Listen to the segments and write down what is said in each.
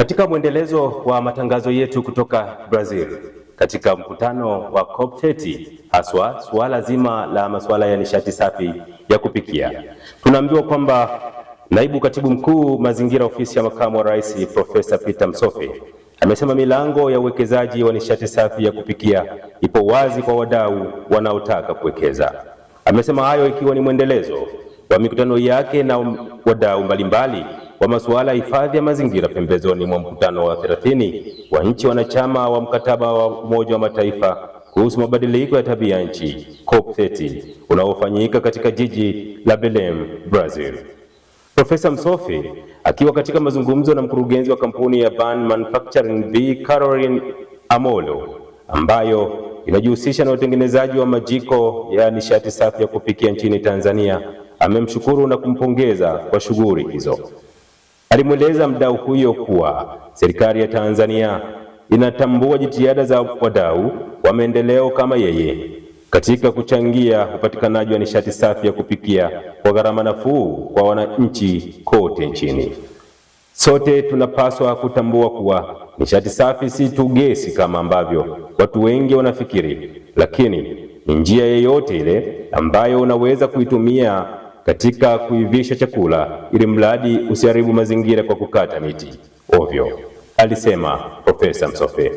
Katika mwendelezo wa matangazo yetu kutoka Brazil, katika mkutano wa COP30 haswa suala zima la masuala ya nishati safi ya kupikia, tunaambiwa kwamba naibu katibu mkuu mazingira, ofisi ya makamu wa rais, Profesa Peter Msofe amesema milango ya uwekezaji wa nishati safi ya kupikia ipo wazi kwa wadau wanaotaka kuwekeza. Amesema hayo ikiwa ni mwendelezo wa mikutano yake na wadau mbalimbali wa masuala ya hifadhi ya mazingira pembezoni mwa mkutano wa 30 wa nchi wanachama wa mkataba wa Umoja wa Mataifa kuhusu mabadiliko ya tabia nchi COP30 unaofanyika katika jiji la Belem, Brazil. Profesa Msofi akiwa katika mazungumzo na mkurugenzi wa kampuni ya Ban Manufacturing B Caroline Amolo ambayo inajihusisha na utengenezaji wa majiko ya nishati safi ya kupikia nchini Tanzania, amemshukuru na kumpongeza kwa shughuli hizo. Alimweleza mdau huyo kuwa serikali ya Tanzania inatambua jitihada za wadau wa maendeleo kama yeye katika kuchangia upatikanaji wa nishati safi ya kupikia kwa gharama nafuu kwa wananchi kote nchini. Sote tunapaswa kutambua kuwa nishati safi si tu gesi kama ambavyo watu wengi wanafikiri, lakini ni njia yeyote ile ambayo unaweza kuitumia katika kuivisha chakula, ili mradi usiharibu mazingira kwa kukata miti ovyo, alisema Profesa Msofe.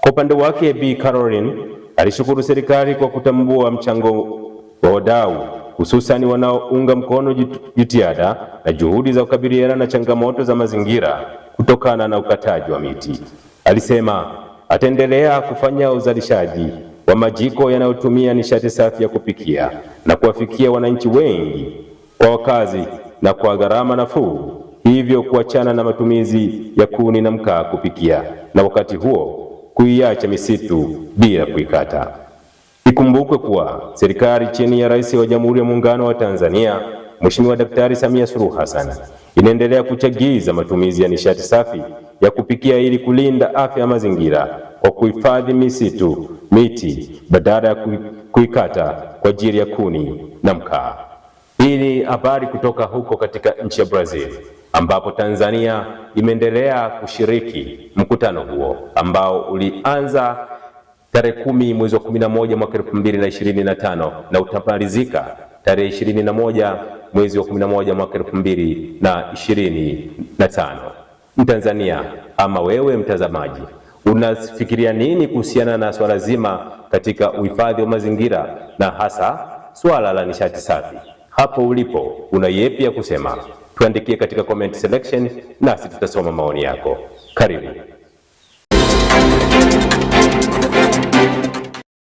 Kwa upande wake, Bi Caroline alishukuru serikali kwa kutambua mchango wa wadau hususani wanaounga mkono jitihada na juhudi za kukabiliana na changamoto za mazingira kutokana na ukataji wa miti. Alisema ataendelea kufanya uzalishaji wa majiko yanayotumia nishati safi ya kupikia na kuwafikia wananchi wengi kwa wakazi na kwa gharama nafuu, hivyo kuachana na matumizi ya kuni na mkaa kupikia na wakati huo kuiacha misitu bila kuikata. Ikumbukwe kuwa serikali chini ya Rais wa Jamhuri ya Muungano wa Tanzania Mheshimiwa Daktari Samia Suluhu Hassan inaendelea kuchagiza matumizi ya nishati safi ya kupikia ili kulinda afya ya mazingira kwa kuhifadhi misitu, miti badala ya kuikata kwa ajili ya kuni na mkaa. Hii ni habari kutoka huko katika nchi ya Brazil ambapo Tanzania imeendelea kushiriki mkutano huo ambao ulianza tarehe kumi mwezi wa 11 mwaka 2025 na utamalizika tarehe 21 mwezi wa 11 mwaka 2025. Mtanzania ama wewe mtazamaji, unafikiria nini kuhusiana na swala zima katika uhifadhi wa mazingira na hasa swala la nishati safi? Hapo ulipo una yepi ya kusema? Tuandikie katika comment selection, nasi tutasoma maoni yako. Karibu.